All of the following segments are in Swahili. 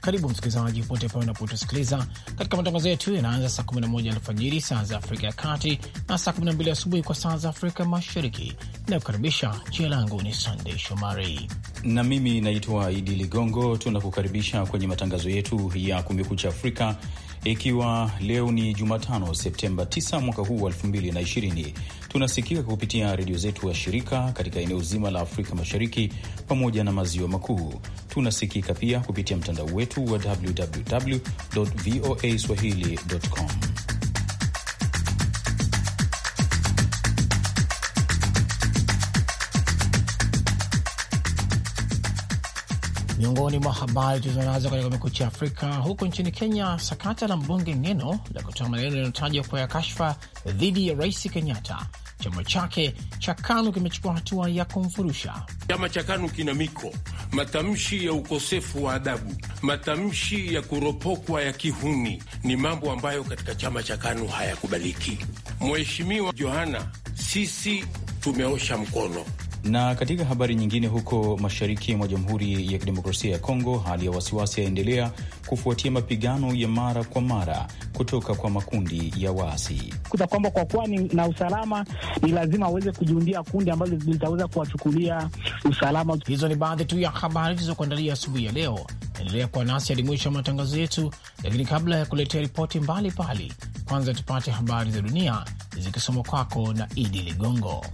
Karibu msikilizaji, popote pale unapotusikiliza katika matangazo yetu yanaanza saa 11 alfajiri saa za Afrika ya Kati na saa 12 asubuhi kwa saa za Afrika Mashariki. Inayokaribisha, jina langu ni Sandey Shomari na mimi naitwa Idi Ligongo. Tunakukaribisha kwenye matangazo yetu ya Kumekucha Afrika, ikiwa leo ni Jumatano Septemba 9 mwaka huu wa 2020 Tunasikika kupitia redio zetu wa shirika katika eneo zima la Afrika Mashariki pamoja na maziwa makuu. Tunasikika pia kupitia mtandao wetu wa www.voaswahili.com. Miongoni mwa habari tulizonazo katika Kumekucha Afrika, huko nchini Kenya, sakata la mbunge Ngeno la kutoa maneno yanayotajwa kwa ya kashfa dhidi ya Rais Kenyatta chama chake cha KANU kimechukua hatua ya kumfurusha. Chama cha KANU kina miko matamshi ya ukosefu wa adabu, matamshi ya kuropokwa ya kihuni, ni mambo ambayo katika chama cha KANU hayakubaliki. Mheshimiwa Johana, sisi tumeosha mkono na katika habari nyingine, huko mashariki mwa Jamhuri ya Kidemokrasia ya Kongo, hali ya wasiwasi yaendelea kufuatia mapigano ya mara kwa mara kutoka kwa makundi ya waasi. Kuta kwamba kwa kuwa na usalama, ni lazima waweze kujiundia kundi ambazo litaweza kuwachukulia usalama. Hizo ni baadhi tu ya habari zilizokuandalia asubuhi ya leo. Endelea kuwa nasi hadi mwisho wa matangazo yetu, lakini kabla ya kuletea ripoti mbalimbali, kwanza tupate habari za dunia zikisomwa kwako na Idi Ligongo.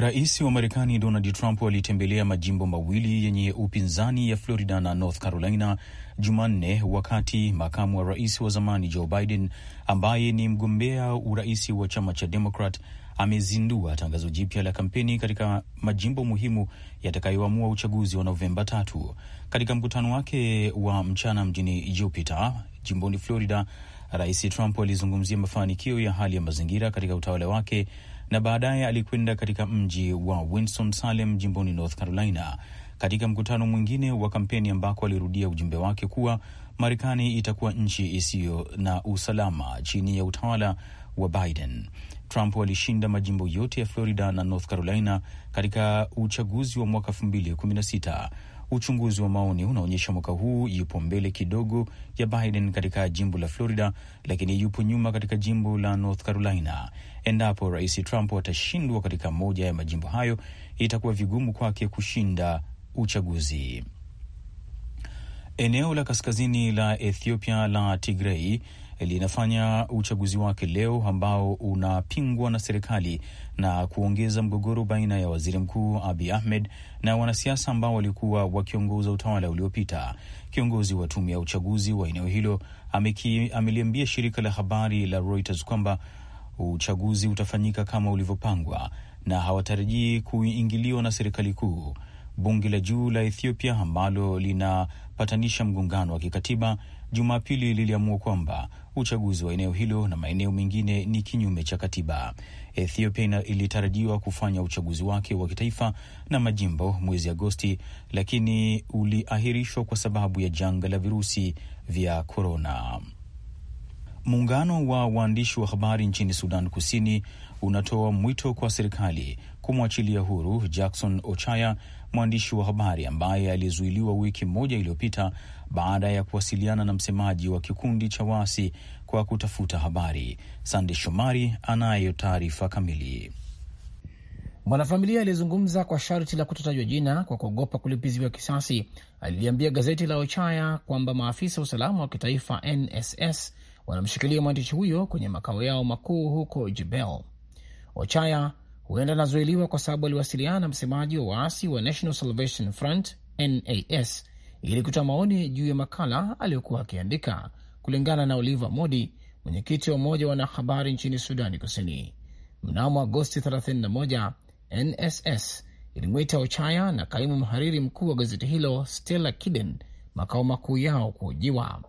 Rais wa Marekani Donald Trump alitembelea majimbo mawili yenye upinzani ya Florida na North Carolina Jumanne, wakati makamu wa rais wa zamani Joe Biden ambaye ni mgombea urais wa chama cha Demokrat amezindua tangazo jipya la kampeni katika majimbo muhimu yatakayoamua uchaguzi wa Novemba tatu. Katika mkutano wake wa mchana mjini Jupiter, jimboni Florida, Rais Trump alizungumzia mafanikio ya hali ya mazingira katika utawala wake na baadaye alikwenda katika mji wa Winston-Salem jimboni North Carolina katika mkutano mwingine wa kampeni ambako alirudia ujumbe wake kuwa Marekani itakuwa nchi isiyo na usalama chini ya utawala wa Biden. Trump alishinda majimbo yote ya Florida na North Carolina katika uchaguzi wa mwaka 2016. Uchunguzi wa maoni unaonyesha mwaka huu yupo mbele kidogo ya Biden katika jimbo la Florida, lakini yupo nyuma katika jimbo la North Carolina. Endapo Rais Trump atashindwa katika moja ya majimbo hayo, itakuwa vigumu kwake kushinda uchaguzi. Eneo la kaskazini la Ethiopia la Tigrei linafanya uchaguzi wake leo ambao unapingwa na serikali na kuongeza mgogoro baina ya waziri mkuu abi Ahmed na wanasiasa ambao walikuwa wakiongoza utawala uliopita. Kiongozi wa tume ya uchaguzi wa eneo hilo ameliambia shirika la habari la Reuters kwamba uchaguzi utafanyika kama ulivyopangwa na hawatarajii kuingiliwa na serikali kuu. Bunge la juu la Ethiopia ambalo linapatanisha mgongano wa kikatiba Jumapili liliamua kwamba uchaguzi wa eneo hilo na maeneo mengine ni kinyume cha katiba. Ethiopia ilitarajiwa kufanya uchaguzi wake wa kitaifa na majimbo mwezi Agosti, lakini uliahirishwa kwa sababu ya janga la virusi vya korona. Muungano wa waandishi wa habari nchini Sudan Kusini unatoa mwito kwa serikali kumwachilia huru Jackson Ochaya, mwandishi wa habari ambaye alizuiliwa wiki moja iliyopita baada ya kuwasiliana na msemaji wa kikundi cha waasi kwa kutafuta habari. Sande Shomari anayo taarifa kamili. Mwanafamilia aliyezungumza kwa sharti la kutotajwa jina kwa kuogopa kulipiziwa kisasi aliliambia gazeti la Ochaya kwamba maafisa wa usalama wa kitaifa NSS wanamshikilia mwandishi huyo kwenye makao yao makuu huko Jebel. Ochaya huenda anazuiliwa kwa sababu aliwasiliana na msemaji wa waasi wa National Salvation Front NAS ili kutoa maoni juu ya makala aliyokuwa akiandika, kulingana na oliver Modi, mwenyekiti wa umoja wa wanahabari nchini Sudani Kusini. Mnamo Agosti 31 NSS ilimwita Ochaya na kaimu mhariri mkuu wa gazeti hilo Stella Kiden makao makuu yao kuhojiwa.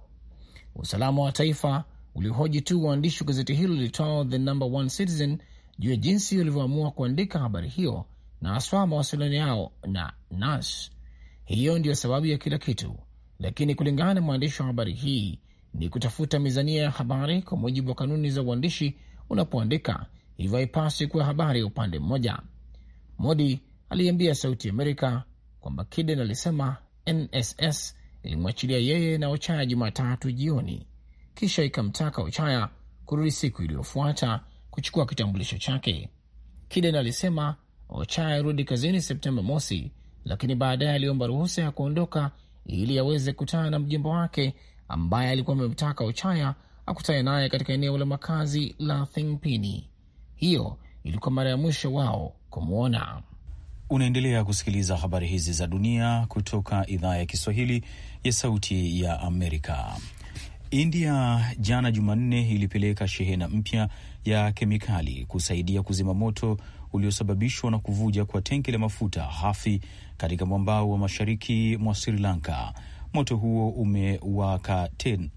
Usalama wa taifa ulihoji tu waandishi wa gazeti hilo litao The Number One Citizen juu ya jinsi walivyoamua kuandika habari hiyo na haswa mawasiliano yao na NAS hiyo ndiyo sababu ya kila kitu, lakini kulingana na mwandishi wa habari hii ni kutafuta mizania ya habari kwa mujibu wa kanuni za uandishi. Unapoandika hivyo, haipaswi kuwa habari ya upande mmoja. Modi aliambia Sauti Amerika kwamba Kiden alisema NSS ilimwachilia yeye na Ochaya Jumatatu jioni, kisha ikamtaka Ochaya kurudi siku iliyofuata kuchukua kitambulisho chake. Kiden alisema Ochaya arudi kazini Septemba mosi lakini baadaye aliomba ruhusa ya kuondoka ili aweze kutana na mjomba wake ambaye alikuwa amemtaka Ochaya akutane naye katika eneo la makazi la Thingpini. Hiyo ilikuwa mara ya mwisho wao kumwona. Unaendelea kusikiliza habari hizi za dunia kutoka idhaa ya Kiswahili ya Sauti ya Amerika. India jana Jumanne ilipeleka shehena mpya ya kemikali kusaidia kuzima moto uliosababishwa na kuvuja kwa tenki la mafuta hafi katika mwambao wa mashariki mwa Sri Lanka. Moto huo umewaka ten.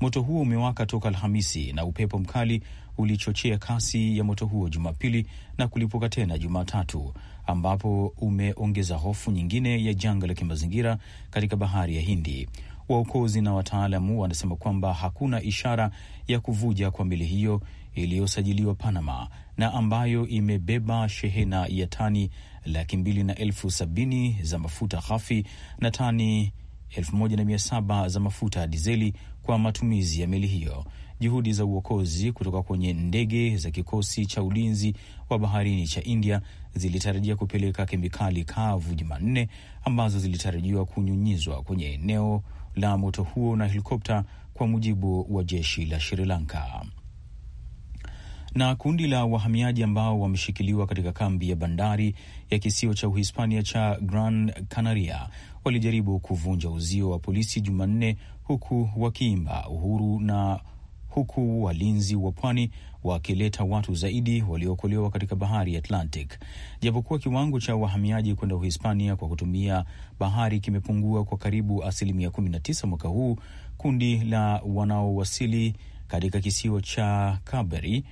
Moto huo umewaka toka Alhamisi na upepo mkali ulichochea kasi ya moto huo Jumapili na kulipuka tena Jumatatu, ambapo umeongeza hofu nyingine ya janga la kimazingira katika bahari ya Hindi. Waokozi na wataalamu wanasema kwamba hakuna ishara ya kuvuja kwa meli hiyo iliyosajiliwa Panama na ambayo imebeba shehena ya tani laki mbili na elfu sabini za mafuta ghafi na tani elfu moja na mia saba za mafuta ya dizeli kwa matumizi ya meli hiyo. Juhudi za uokozi kutoka kwenye ndege za kikosi cha ulinzi wa baharini cha India zilitarajia kupeleka kemikali kavu Jumanne, ambazo zilitarajiwa kunyunyizwa kwenye eneo la moto huo na helikopta, kwa mujibu wa jeshi la Sri Lanka na kundi la wahamiaji ambao wameshikiliwa katika kambi ya bandari ya kisio cha Uhispania cha Gran Canaria walijaribu kuvunja uzio wa polisi Jumanne, huku wakiimba uhuru na huku walinzi wa pwani wakileta watu zaidi waliookolewa katika bahari Atlantic. Japokuwa kiwango cha wahamiaji kwenda Uhispania kwa kutumia bahari kimepungua kwa karibu asilimia 19 mwaka huu, kundi la wanaowasili katika kisio cha Kaberi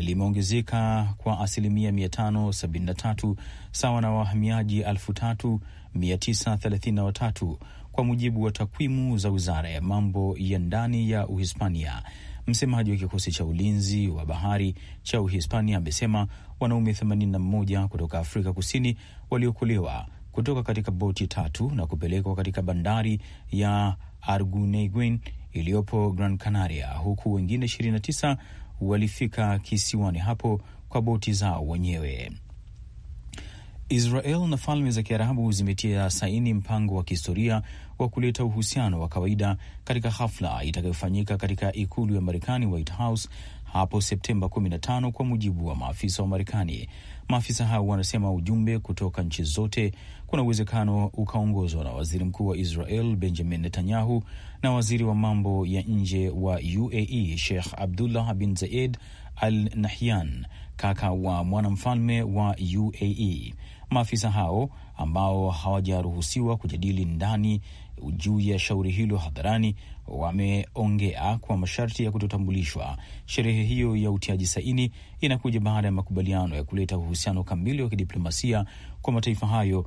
limeongezeka kwa asilimia 573 sawa na wahamiaji 3933 kwa mujibu wa takwimu za wizara ya mambo ya ndani ya Uhispania. Msemaji wa kikosi cha ulinzi wa bahari cha Uhispania amesema wanaume 81 kutoka Afrika Kusini waliokolewa kutoka katika boti tatu na kupelekwa katika bandari ya Arguineguin iliyopo Gran Canaria, huku wengine 29 walifika kisiwani hapo kwa boti zao wenyewe. Israel na Falme za Kiarabu zimetia saini mpango wa kihistoria wa kuleta uhusiano wa kawaida katika hafla itakayofanyika katika ikulu ya Marekani, White House, hapo Septemba 15 kwa mujibu wa maafisa wa Marekani. Maafisa hao wanasema ujumbe kutoka nchi zote kuna uwezekano ukaongozwa na waziri mkuu wa Israel Benjamin Netanyahu na waziri wa mambo ya nje wa UAE Sheikh Abdullah bin Zayed Al Nahyan, kaka wa mwanamfalme wa UAE. Maafisa hao ambao hawajaruhusiwa kujadili ndani juu ya shauri hilo hadharani wameongea kwa masharti ya kutotambulishwa. Sherehe hiyo ya utiaji saini inakuja baada ya makubaliano ya kuleta uhusiano kamili wa kidiplomasia kwa mataifa hayo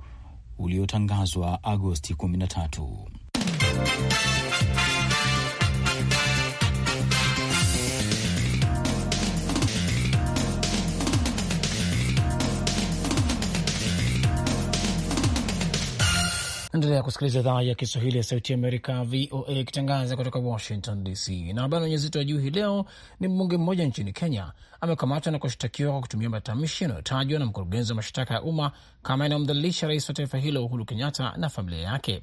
uliotangazwa Agosti 13. Unaendelea kusikiliza idhaa ya Kiswahili ya Sauti Amerika, VOA, ikitangaza kutoka Washington DC. Na habari wenye uzito wa juu hii leo ni mbunge mmoja nchini Kenya amekamatwa na kushtakiwa kwa kutumia matamshi yanayotajwa na mkurugenzi wa mashtaka ya umma kama inayomdhalilisha rais wa taifa hilo Uhuru Kenyatta na familia yake.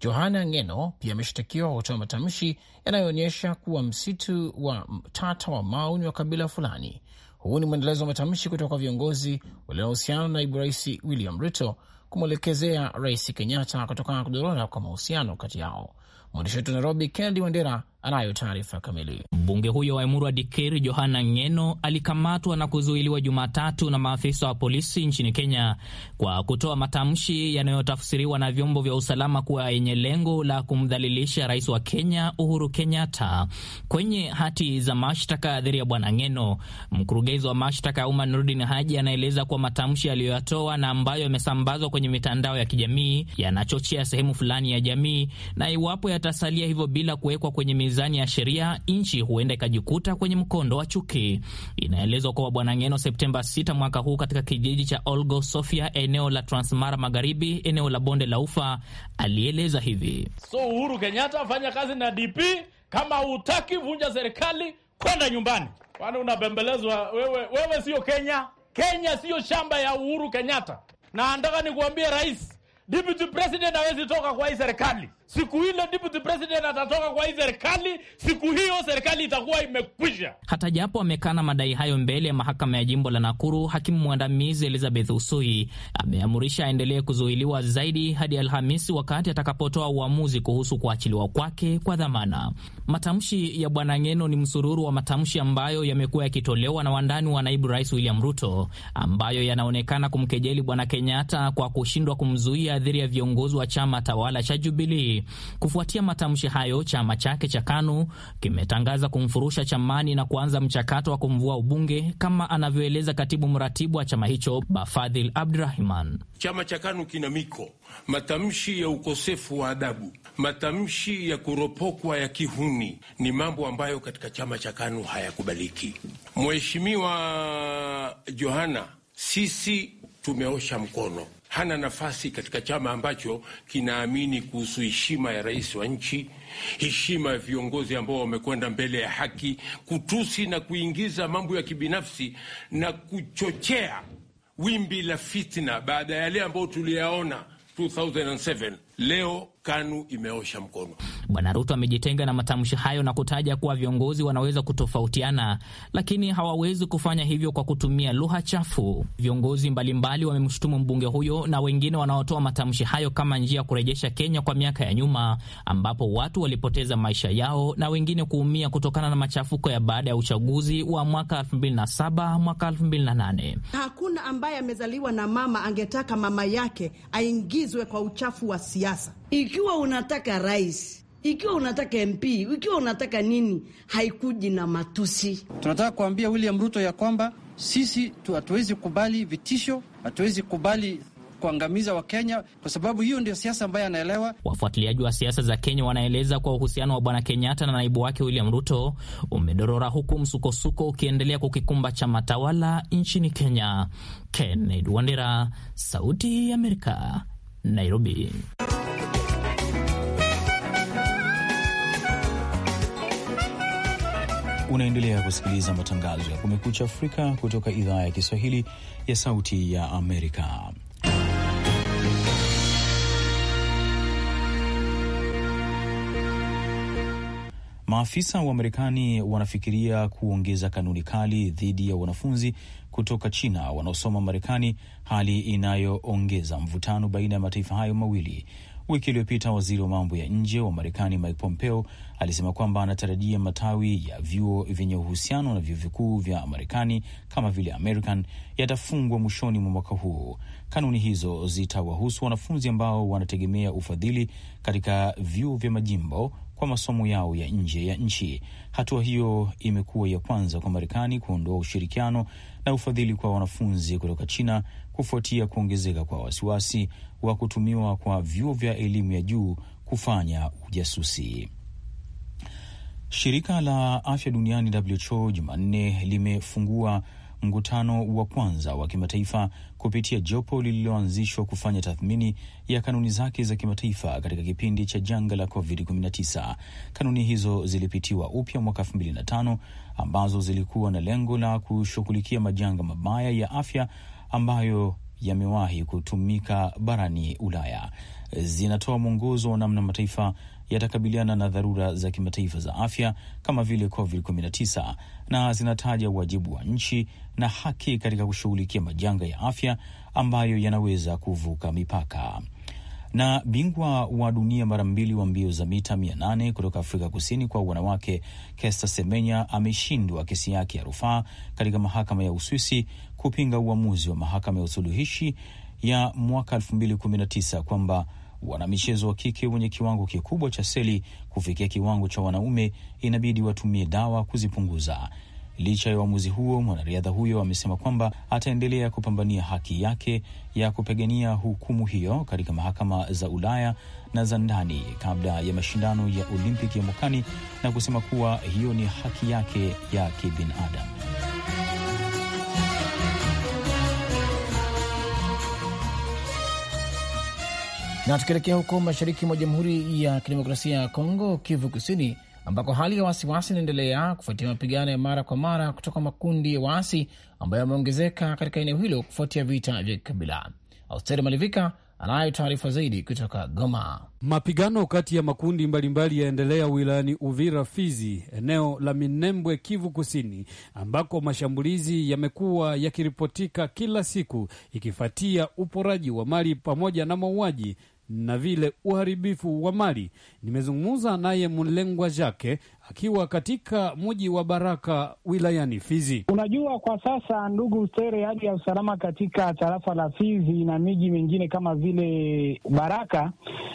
Johana Ngeno pia ameshtakiwa kwa kutoa matamshi yanayoonyesha kuwa msitu wa tata wa Mau ni wa kabila fulani. Huu ni mwendelezo wa matamshi kutoka kwa viongozi waliohusiana na naibu rais William Ruto kumwelekezea Rais Kenyatta kutokana na kudorora kwa mahusiano kati yao. Mwandishi wetu Nairobi, Kennedy Wandera anayo taarifa kamili. Mbunge huyo wa Emurua Dikir Johana Ng'eno alikamatwa na kuzuiliwa Jumatatu na maafisa wa polisi nchini Kenya kwa kutoa matamshi yanayotafsiriwa na vyombo vya usalama kuwa yenye lengo la kumdhalilisha rais wa Kenya Uhuru Kenyatta. Kwenye hati za mashtaka dhidi ya bwana Ng'eno, mkurugenzi wa mashtaka ya umma Nurdin Haji anaeleza kuwa matamshi aliyoyatoa na ambayo yamesambazwa kwenye mitandao ya kijamii yanachochea sehemu fulani ya jamii, na iwapo yatasalia hivyo bila kuwekwa kwenye mizani ya sheria, nchi huenda ikajikuta kwenye mkondo wa chuki. Inaelezwa kuwa Bwana Ngeno Septemba 6 mwaka huu katika kijiji cha Olgo Sofia, eneo la Transmara Magharibi, eneo la bonde la Ufa, alieleza hivi: so Uhuru Kenyatta fanya kazi na DP, kama hutaki vunja serikali, kwenda nyumbani, kwani unabembelezwa wewe. Wewe sio Kenya, Kenya siyo shamba ya Uhuru Kenyatta. Na nataka nikuambie rais deputy president hawezi toka kwa hii serikali. Siku ile deputy president atatoka kwa hii serikali, siku hiyo serikali itakuwa imekwisha. Hata japo amekana madai hayo mbele ya mahakama ya jimbo la Nakuru, hakimu mwandamizi Elizabeth Usui ameamurisha aendelee kuzuiliwa zaidi hadi Alhamisi wakati atakapotoa uamuzi kuhusu kuachiliwa kwake kwa dhamana. Matamshi ya Bwana Ngeno ni msururu wa matamshi ambayo yamekuwa yakitolewa na wandani wa naibu rais William Ruto, ambayo yanaonekana kumkejeli Bwana Kenyatta kwa kushindwa kumzuia kadhiri ya viongozi wa chama tawala cha Jubilii. Kufuatia matamshi hayo, chama chake cha KANU kimetangaza kumfurusha chamani na kuanza mchakato wa kumvua ubunge, kama anavyoeleza katibu mratibu wa chama hicho Bafadhil Abdurahman. Chama cha KANU kina miko matamshi ya ukosefu wa adabu, matamshi ya kuropokwa ya kihuni, ni mambo ambayo katika chama cha KANU hayakubaliki. Mheshimiwa Johana, sisi tumeosha mkono hana nafasi katika chama ambacho kinaamini kuhusu heshima ya rais wa nchi, heshima ya viongozi ambao wamekwenda mbele ya haki, kutusi na kuingiza mambo ya kibinafsi na kuchochea wimbi la fitna baada ya yale ambayo tuliyaona 2007. Leo KANU imeosha mkono. Bwana Ruto amejitenga na matamshi hayo na kutaja kuwa viongozi wanaweza kutofautiana, lakini hawawezi kufanya hivyo kwa kutumia lugha chafu. Viongozi mbalimbali wamemshutumu mbunge huyo na wengine wanaotoa matamshi hayo kama njia ya kurejesha Kenya kwa miaka ya nyuma, ambapo watu walipoteza maisha yao na wengine kuumia kutokana na machafuko ya baada ya uchaguzi wa mwaka 2007 mwaka 2008. Hakuna ambaye amezaliwa na mama angetaka mama yake aingizwe kwa uchafu wa siasa siasa. Ikiwa unataka rais, ikiwa unataka MP, ikiwa unataka nini, haikuji na matusi. Tunataka kuambia William Ruto ya kwamba sisi hatuwezi kubali vitisho, hatuwezi kubali kuangamiza Wakenya kwa sababu hiyo ndio siasa ambayo anaelewa. Wafuatiliaji wa siasa za Kenya wanaeleza kuwa uhusiano wa Bwana Kenyatta na naibu wake William Ruto umedorora huku msukosuko ukiendelea kukikumba chama tawala nchini Kenya. Kennedy Wandera, Sauti ya Amerika, Nairobi. Unaendelea kusikiliza matangazo ya Kumekucha Afrika kutoka idhaa ya Kiswahili ya Sauti ya Amerika. Maafisa wa Marekani wanafikiria kuongeza kanuni kali dhidi ya wanafunzi kutoka China wanaosoma Marekani, hali inayoongeza mvutano baina ya mataifa hayo mawili. Wiki iliyopita waziri wa mambo ya nje wa Marekani Mike Pompeo alisema kwamba anatarajia matawi ya vyuo vyenye uhusiano na vyuo vikuu vya Marekani kama vile American yatafungwa mwishoni mwa mwaka huu. Kanuni hizo zitawahusu wanafunzi ambao wanategemea ufadhili katika vyuo vya majimbo kwa masomo yao ya nje ya nchi. Hatua hiyo imekuwa ya kwanza kwa Marekani kuondoa ushirikiano na ufadhili kwa wanafunzi kutoka China kufuatia kuongezeka kwa wasiwasi wa kutumiwa kwa vyuo vya elimu ya juu kufanya ujasusi. Shirika la afya duniani WHO Jumanne limefungua mkutano wa kwanza wa kimataifa kupitia jopo lililoanzishwa kufanya tathmini ya kanuni zake za kimataifa katika kipindi cha janga la COVID-19. Kanuni hizo zilipitiwa upya mwaka 2005 ambazo zilikuwa na lengo la kushughulikia majanga mabaya ya afya ambayo yamewahi kutumika barani Ulaya. Zinatoa mwongozo wa namna mataifa yatakabiliana na dharura za kimataifa za afya kama vile COVID-19 na zinataja wajibu wa nchi na haki katika kushughulikia majanga ya afya ambayo yanaweza kuvuka mipaka na bingwa wa dunia mara mbili wa mbio za mita 800 kutoka Afrika Kusini kwa wanawake Kester Semenya ameshindwa kesi yake ya rufaa katika mahakama ya Uswisi kupinga uamuzi wa mahakama ya usuluhishi ya mwaka 2019 kwamba wanamichezo wa kike wenye kiwango kikubwa cha seli kufikia kiwango cha wanaume inabidi watumie dawa kuzipunguza. Licha ya uamuzi huo, mwanariadha huyo amesema kwamba ataendelea kupambania haki yake ya kupigania hukumu hiyo katika mahakama za Ulaya na za ndani kabla ya mashindano ya Olimpiki ya mwakani na kusema kuwa hiyo ni haki yake ya kibinadamu. Na tukielekea huko mashariki mwa Jamhuri ya Kidemokrasia ya Kongo, Kivu Kusini, ambako hali ya wasiwasi inaendelea kufuatia mapigano ya mara kwa mara kutoka makundi ya waasi ambayo yameongezeka katika eneo hilo kufuatia vita vya kikabila. Austeri Malivika anayo taarifa zaidi kutoka Goma. Mapigano kati ya makundi mbalimbali yaendelea wilayani Uvira, Fizi, eneo la Minembwe, Kivu Kusini, ambako mashambulizi yamekuwa yakiripotika kila siku, ikifuatia uporaji wa mali pamoja na mauaji na vile uharibifu wa mali. Nimezungumza naye Mlengwa jake akiwa katika mji wa Baraka wilayani Fizi. Unajua, kwa sasa ndugu stere hali ya usalama katika tarafa la Fizi na miji mingine kama vile Baraka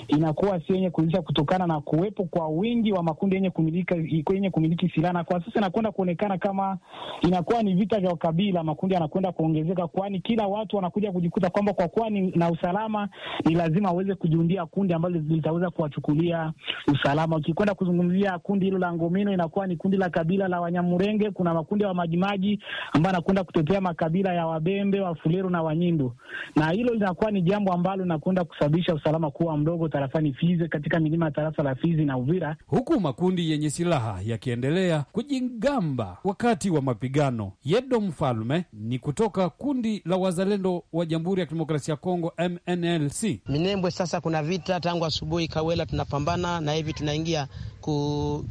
inakuwa si yenye kuizisha kutokana na kuwepo kwa wingi wa makundi yenye kumiliki, yenye kumiliki silaha, na kwa sasa inakwenda kuonekana kama inakuwa ni vita vya ukabila. Makundi yanakwenda kuongezeka, kwani kila watu wanakuja kujikuta kwamba kwa kuwa na usalama ni lazima waweze kujiundia kundi ambalo litaweza kuwachukulia usalama. Ukikwenda kuzungumzia kundi hilo la Ngomino inakuwa ni kundi la kabila la Wanyamurenge. Kuna makundi ya wa Wamajimaji ambayo anakwenda kutetea makabila ya Wabembe, Wafuliru na Wanyindo, na hilo linakuwa ni jambo ambalo linakwenda kusababisha usalama kuwa mdogo tarafani Fizi, katika milima ya tarafa la Fizi na Uvira, huku makundi yenye silaha yakiendelea kujingamba wakati wa mapigano. Yedo Mfalme ni kutoka kundi la wazalendo wa Jamhuri ya Kidemokrasia ya Kongo, MNLC Minembwe. Sasa kuna vita tangu asubuhi, Kawela tunapambana na hivi tunaingia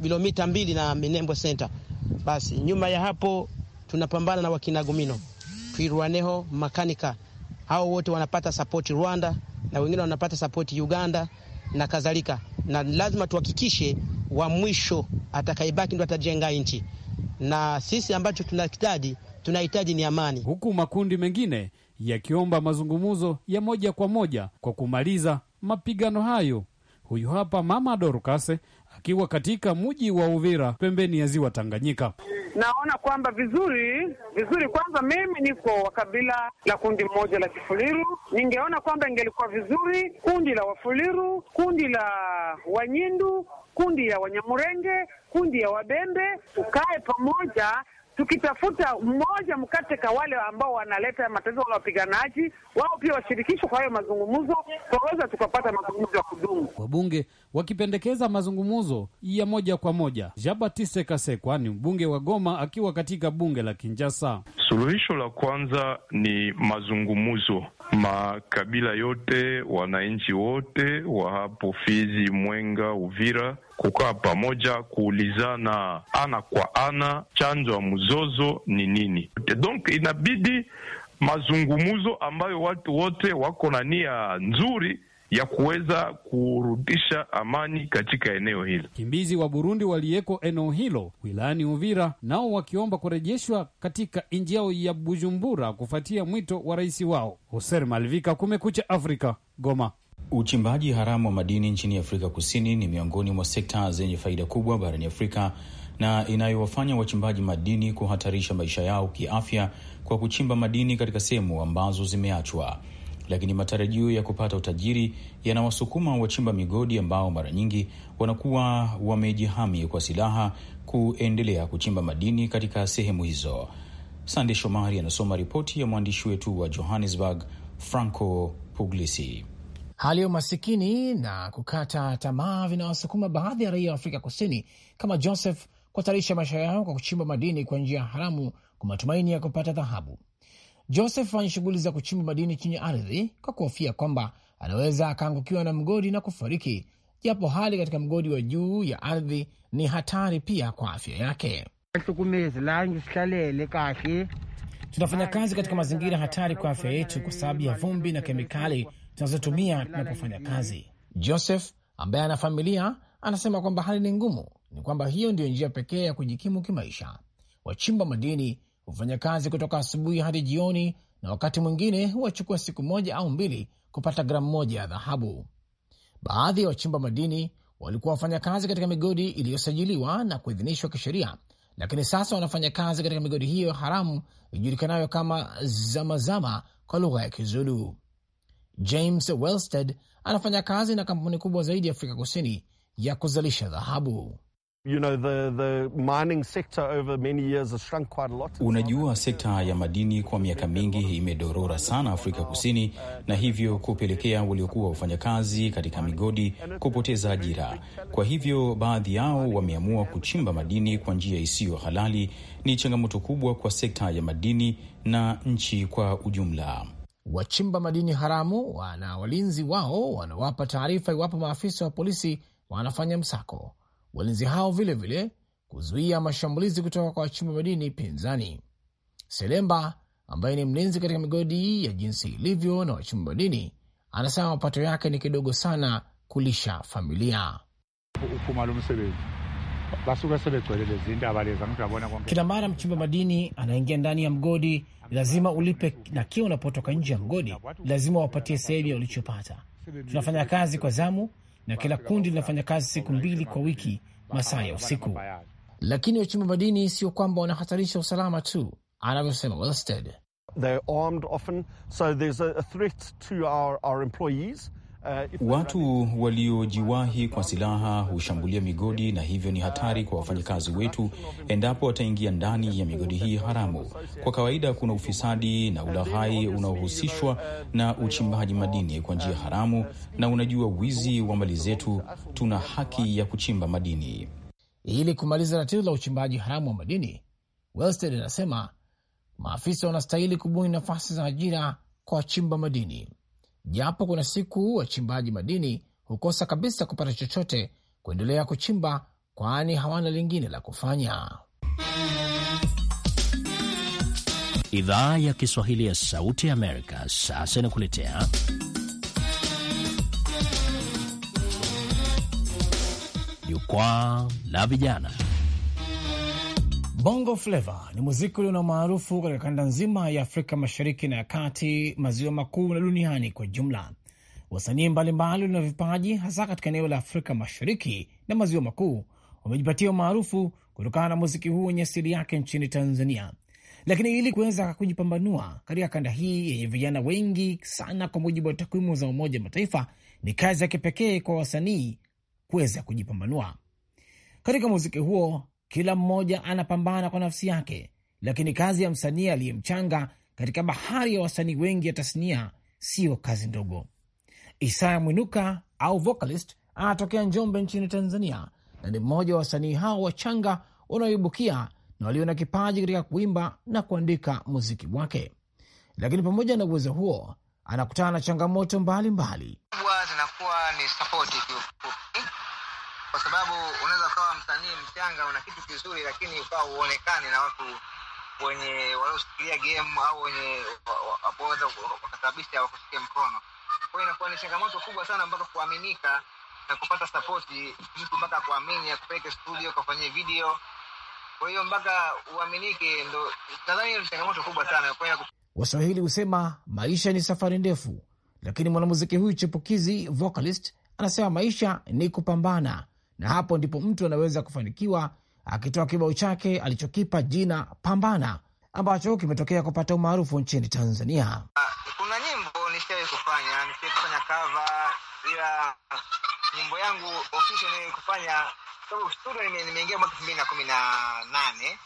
kilomita mbili na Minembwe Center. Basi nyuma ya hapo tunapambana na wakinagumino twirwaneho makanika, hao wote wanapata sapoti Rwanda na wengine wanapata sapoti Uganda na kadhalika, na lazima tuhakikishe wa mwisho atakayebaki ndo atajenga nchi, na sisi ambacho tunahitaji tunahitaji ni amani, huku makundi mengine yakiomba mazungumzo ya moja kwa moja kwa kumaliza mapigano hayo. Huyu hapa Mama Dorukase akiwa katika mji wa Uvira pembeni ya ziwa Tanganyika. Naona kwamba vizuri vizuri. Kwanza mimi niko wa kabila la kundi moja la Kifuliru, ningeona kwamba ingelikuwa vizuri kundi la Wafuliru, kundi la Wanyindu, kundi ya Wanyamurenge, kundi ya Wabembe ukae pamoja tukitafuta mmoja mkate ka wale ambao wanaleta matatizo na wapiganaji wao, pia washirikishwe kwa hayo mazungumzo, twaweza tukapata mazungumzo ya kudumu. Wabunge wakipendekeza mazungumzo ya moja kwa moja. Jabatiste Kasekwa ni mbunge wa Goma akiwa katika bunge la Kinjasa. Suluhisho la kwanza ni mazungumzo makabila yote, wananchi wote wa hapo Fizi, Mwenga, Uvira kukaa pamoja kuulizana ana kwa ana chanzo ya mzozo ni nini. Donc inabidi mazungumzo ambayo watu wote wako na nia nzuri ya kuweza kurudisha amani katika eneo hilo. Wakimbizi wa Burundi waliyeko eneo hilo wilayani Uvira nao wakiomba kurejeshwa katika nchi yao ya Bujumbura kufuatia mwito wa rais wao. Hoser Malvika, Kumekucha Afrika, Goma. Uchimbaji haramu wa madini nchini Afrika Kusini ni miongoni mwa sekta zenye faida kubwa barani Afrika na inayowafanya wachimbaji madini kuhatarisha maisha yao kiafya kwa kuchimba madini katika sehemu ambazo zimeachwa lakini matarajio ya kupata utajiri yanawasukuma wachimba migodi ambao mara nyingi wanakuwa wamejihami kwa silaha kuendelea kuchimba madini katika sehemu hizo. Sande Shomari anasoma ripoti ya mwandishi wetu wa Johannesburg, Franco Puglisi. Hali ya umasikini na kukata tamaa vinawasukuma baadhi ya raia wa Afrika Kusini kama Joseph kuhatarisha maisha yao kwa kuchimba madini kwa njia haramu kwa matumaini ya kupata dhahabu. Joseph ana shughuli za kuchimba madini chini ya ardhi kwa kuhofia kwamba anaweza akaangukiwa na mgodi na kufariki, japo hali katika mgodi wa juu ya ardhi ni hatari pia kwa afya yake. Tunafanya kazi katika mazingira hatari kwa afya yetu kwa sababu ya vumbi na kemikali tunazotumia tunapofanya kazi. Joseph ambaye ana familia anasema kwamba hali ni ngumu, ni kwamba hiyo ndiyo njia pekee ya kujikimu kimaisha. Wachimba madini hufanya kazi kutoka asubuhi hadi jioni, na wakati mwingine huwachukua siku moja au mbili kupata gramu moja ya dhahabu. Baadhi ya wachimba madini walikuwa wafanya kazi katika migodi iliyosajiliwa na kuidhinishwa kisheria, lakini sasa wanafanya kazi katika migodi hiyo haramu ijulikanayo kama zamazama kwa lugha ya Kizulu. James Wellsted anafanya kazi na kampuni kubwa zaidi ya Afrika Kusini ya kuzalisha dhahabu. You know, the, the mining sector over many years has shrunk quite a lot. Unajua, sekta ya madini kwa miaka mingi imedorora sana Afrika Kusini, na hivyo kupelekea waliokuwa wafanyakazi katika migodi kupoteza ajira. Kwa hivyo baadhi yao wameamua kuchimba madini kwa njia isiyo halali. Ni changamoto kubwa kwa sekta ya madini na nchi kwa ujumla. Wachimba madini haramu wana walinzi wao wanawapa taarifa iwapo maafisa wa polisi wanafanya msako walinzi hao vile vile, kuzuia mashambulizi kutoka kwa wachimba madini pinzani. Selemba ambaye ni mlinzi katika migodi ya jinsi ilivyo na wachimba madini, anasema mapato yake ni kidogo sana kulisha familia. Kila mara mchimba madini anaingia ndani ya mgodi, lazima ulipe, na kila unapotoka nje ya mgodi lazima wapatie sehemu ya ulichopata. Tunafanya kazi kwa zamu na kila kundi linafanya kazi siku mbili kwa wiki, masaa ya usiku. Lakini wachimba madini sio kwamba wanahatarisha usalama tu, anavyosema Wellsted. So Watu waliojiwahi kwa silaha hushambulia migodi na hivyo ni hatari kwa wafanyakazi wetu endapo wataingia ndani ya migodi hii haramu. Kwa kawaida kuna ufisadi na ulaghai unaohusishwa na uchimbaji madini kwa njia haramu, na unajua, wizi wa mali zetu, tuna haki ya kuchimba madini. Ili kumaliza tatizo la uchimbaji haramu wa madini, Wellsted anasema maafisa wanastahili kubuni nafasi za ajira kwa wachimba madini japo kuna siku wachimbaji madini hukosa kabisa kupata chochote kuendelea kuchimba, kwani hawana lingine la kufanya. Idhaa ya Kiswahili ya Sauti Amerika sasa inakuletea jukwaa la vijana. Bongo Flava ni muziki ulio na maarufu katika kanda nzima ya Afrika Mashariki na ya Kati, maziwa makuu na duniani kwa jumla. Wasanii mbalimbali na vipaji hasa katika eneo la Afrika Mashariki na maziwa makuu wamejipatia umaarufu kutokana na muziki huu wenye asili yake nchini Tanzania, lakini ili kuweza kujipambanua katika kanda hii yenye vijana wengi sana, kwa mujibu wa takwimu za Umoja wa Mataifa, ni kazi ya kipekee kwa wasanii kuweza kujipambanua katika muziki huo. Kila mmoja anapambana kwa nafsi yake, lakini kazi ya msanii aliye mchanga katika bahari ya wasanii wengi ya tasnia siyo kazi ndogo. Isaya Mwinuka au vocalist anatokea Njombe nchini Tanzania na ni mmoja wa wasanii hao wachanga wanaoibukia na walio na kipaji katika kuimba na kuandika muziki wake. Lakini pamoja na uwezo huo, anakutana na changamoto mbalimbali sababu unaweza ukawa msanii mchanga, una kitu kizuri, lakini ukawa uonekane na watu wenye walioshikilia game au wenye wapoweza wakasababisha wakusikia mkono. Kwa hiyo inakuwa ni changamoto kubwa sana mpaka kuaminika na kupata sapoti, mtu mpaka akuamini akupeleke studio kafanyie video. Kwa hiyo mpaka uaminike, ndo nadhani hiyo ni changamoto kubwa sana. Waswahili husema maisha ni safari ndefu, lakini mwanamuziki huyu chipukizi vocalist anasema maisha ni kupambana na hapo ndipo mtu anaweza kufanikiwa akitoa kibao chake alichokipa jina Pambana ambacho kimetokea kupata umaarufu nchini Tanzania. Ah, kuna nyimbo nishawai kufanya nishawai kufanya kava, ila nyimbo yangu ofisi nimeikufanya sababu studio nimeingia mwaka elfu mbili na kumi na nane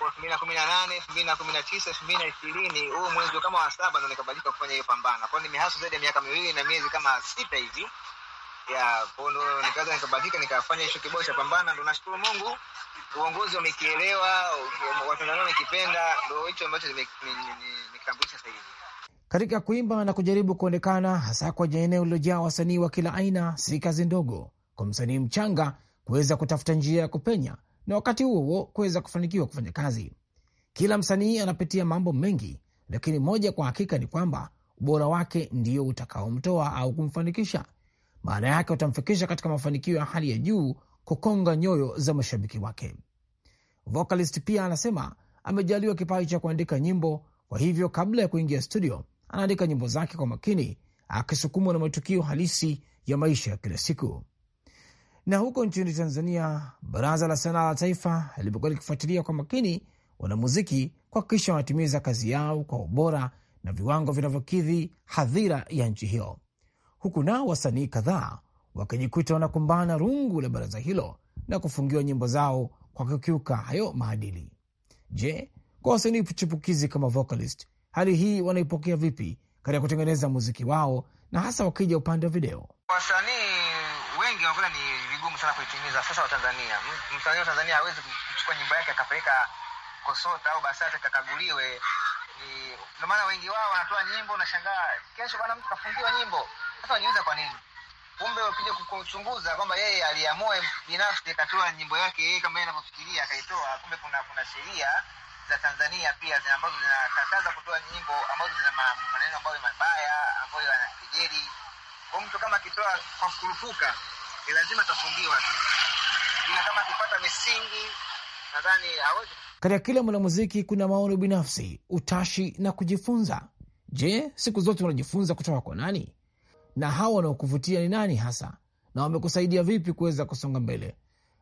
elfu mbili na kumi na nane elfu mbili na kumi na tisa elfu mbili na ishirini huu mwezi kama wa saba ndo nikabadilika kufanya hiyo Pambana kwao. Nimehasa zaidi ya miaka miwili na miezi kama sita hivi ya kwao, ndo nikaweza nikafanya hicho kibao cha Pambana. Ndo nashukuru Mungu uongozi wamekielewa, Watanzania wamekipenda, ndo hicho ambacho nimekitambulisha sasa hivi katika kuimba na kujaribu kuonekana, hasa kwenye eneo lilojaa wasanii wa kila aina. Si kazi ndogo kwa msanii mchanga kuweza kutafuta njia ya kupenya na wakati huo huo kuweza kufanikiwa kufanya kazi. Kila msanii anapitia mambo mengi, lakini moja kwa hakika ni kwamba ubora wake ndio utakaomtoa au kumfanikisha maana yake watamfikisha katika mafanikio ya hali ya juu, kukonga nyoyo za mashabiki wake. Vocalist pia anasema amejaliwa kipaji cha kuandika nyimbo, kwa hivyo kabla ya kuingia studio anaandika nyimbo zake kwa makini, akisukumwa na matukio halisi ya maisha ya kila siku. Na huko nchini Tanzania, Baraza la Sanaa la Taifa limekuwa likifuatilia kwa makini wanamuziki kuhakikisha wanatimiza kazi yao kwa ubora na viwango vinavyokidhi hadhira ya nchi hiyo huku nao wasanii kadhaa wakijikuta wanakumbana rungu la baraza hilo na kufungiwa nyimbo zao kwa kukiuka hayo maadili. Je, kwa wasanii chipukizi kama Vocalist, hali hii wanaipokea vipi katika kutengeneza muziki wao na hasa wakija upande wa video? Wasanii wengi ni vigumu sana kuitimiza, sasa Msanii wa Tanzania hawezi kuchukua nyimbo yake akapeleka KOSOTA au BASATA kakaguliwe. Ndio maana wengi wao wanatoa nyimbo, kesho bwana, mtu kafungiwa nyimbo sasa niuliza kwa nini? Kumbe ukija kuchunguza kwamba yeye aliamua binafsi akatoa nyimbo yake yeye kama yeye anavyofikiria akaitoa. Kumbe kuna kuna sheria za Tanzania pia zina ambazo zinakataza kutoa nyimbo ambazo zina maneno ambayo mabaya ambayo yanakejeli. Kwa mtu kama akitoa kwa kurupuka, ni lazima atafungiwa tu. Ila kama akipata misingi, nadhani hawezi. Katika kila mwanamuziki kuna maono binafsi, utashi na kujifunza. Je, siku zote unajifunza kutoka kwa nani? na hawa wanaokuvutia ni nani hasa na wamekusaidia vipi kuweza kusonga mbele?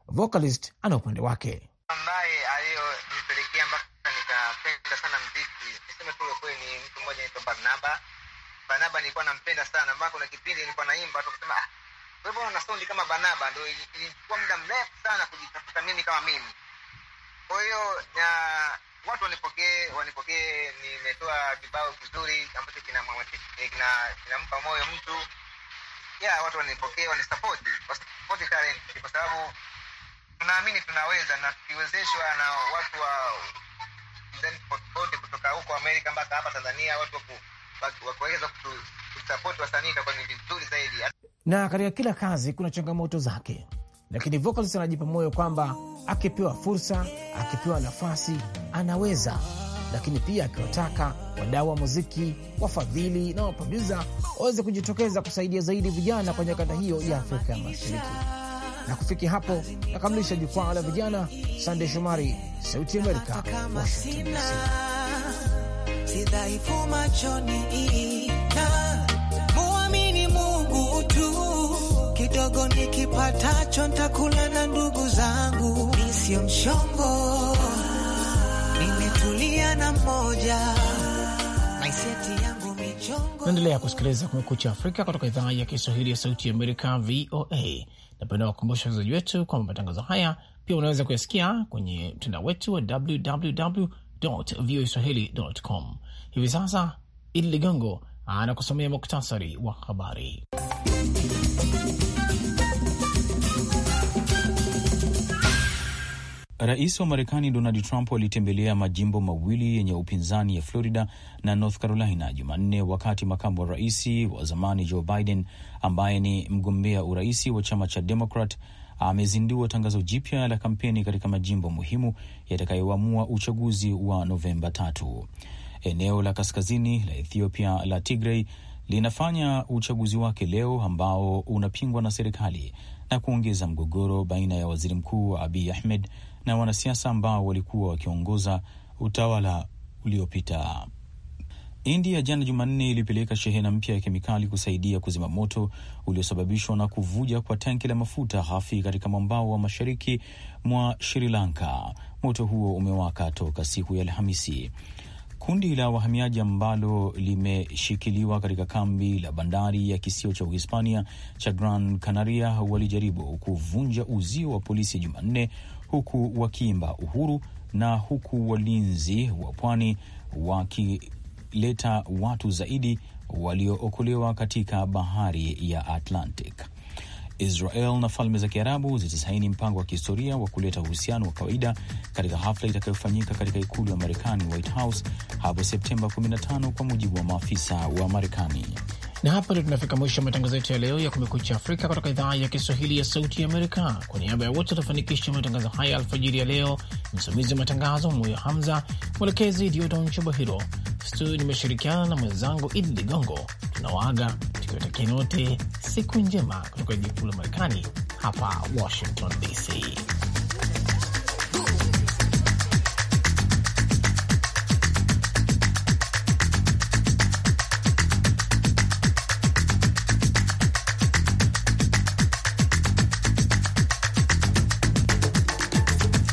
Vocalist ana upande wake ambaye aliyonipelekea mpaka nikapenda sana mziki. Niseme tu kweli, ni mtu mmoja naitwa Barnaba. Barnaba nilikuwa nampenda sana mpaka kuna kipindi nilikuwa naimba kusema ah, wewe kama Barnaba. Ndio ilichukua muda mrefu sana kujitafuta mimi kama mimi. Kwa hiyo na watu wanipokee, wanipokee. Nimetoa kibao kizuri ambacho kinampa eh, moyo mtu ya watu wanipokee, wanisapoti, wasapoti talent kwa sababu tunaamini tunaweza, na tukiwezeshwa na watu wa kutoka huko Amerika mpaka hapa Tanzania, watu wakuweza kutusapoti wasanii itakuwa ni vizuri zaidi. Na katika kila kazi kuna changamoto zake lakini vocalist anajipa moyo kwamba akipewa fursa, akipewa nafasi anaweza, lakini pia akiwataka wadau wa muziki, wafadhili na waprodusa waweze kujitokeza kusaidia zaidi vijana kwa nyakati hiyo ya Afrika ya Mashariki na kufikia hapo nakamilisha jukwaa la vijana. Sande Shomari, Sauti Amerika, Washington DC. kidogo nikipatacho ntakula na ndugu zangu. Nisio mshongo, nimetulia na mmoja maiseti yangu michongo. Naendelea kusikiliza Kumekucha Afrika kutoka idhaa ya Kiswahili ya Sauti ya Amerika, VOA. Napenda wakumbusha wazaji wetu kwamba matangazo haya pia unaweza kuyasikia kwenye mtandao wetu wa www voa swahili.com. Hivi sasa Idi Ligongo anakusomea muktasari wa habari. Rais wa Marekani Donald Trump alitembelea majimbo mawili yenye upinzani ya Florida na North Carolina Jumanne, wakati makamu wa rais wa zamani Joe Biden ambaye ni mgombea urais wa chama cha Demokrat amezindua tangazo jipya la kampeni katika majimbo muhimu yatakayoamua uchaguzi wa Novemba tatu. Eneo la kaskazini la Ethiopia la Tigray linafanya uchaguzi wake leo ambao unapingwa na serikali na kuongeza mgogoro baina ya waziri mkuu Abiy Ahmed na wanasiasa ambao walikuwa wakiongoza utawala uliopita. India jana Jumanne ilipeleka shehena mpya ya kemikali kusaidia kuzima moto uliosababishwa na kuvuja kwa tanki la mafuta ghafi katika mwambao wa mashariki mwa Sri Lanka. Moto huo umewaka toka siku ya Alhamisi. Kundi la wahamiaji ambalo limeshikiliwa katika kambi la bandari ya kisio cha Uhispania cha Gran Canaria walijaribu kuvunja uzio wa polisi Jumanne huku wakiimba uhuru na huku walinzi wa pwani wakileta watu zaidi waliookolewa katika bahari ya Atlantic. Israel na Falme za Kiarabu zitasaini mpango wa kihistoria wa kuleta uhusiano wa kawaida katika hafla itakayofanyika katika ikulu ya Marekani, White House, hapo Septemba 15 kwa mujibu wa maafisa wa Marekani. Na hapa ndio tunafika mwisho wa matangazo yetu ya leo ya Kumekucha Afrika kutoka idhaa ya Kiswahili ya Sauti ya Amerika. Kwa niaba ya wote waliofanikisha matangazo haya alfajiri ya leo, msimamizi wa matangazo Mwuyo Hamza, mwelekezi Diodon Chubahiro Stu, nimeshirikiana na mwenzangu Idi Ligongo. Tunawaaga tukiwatakia wote siku njema kutoka jiji kuu la Marekani, hapa Washington DC.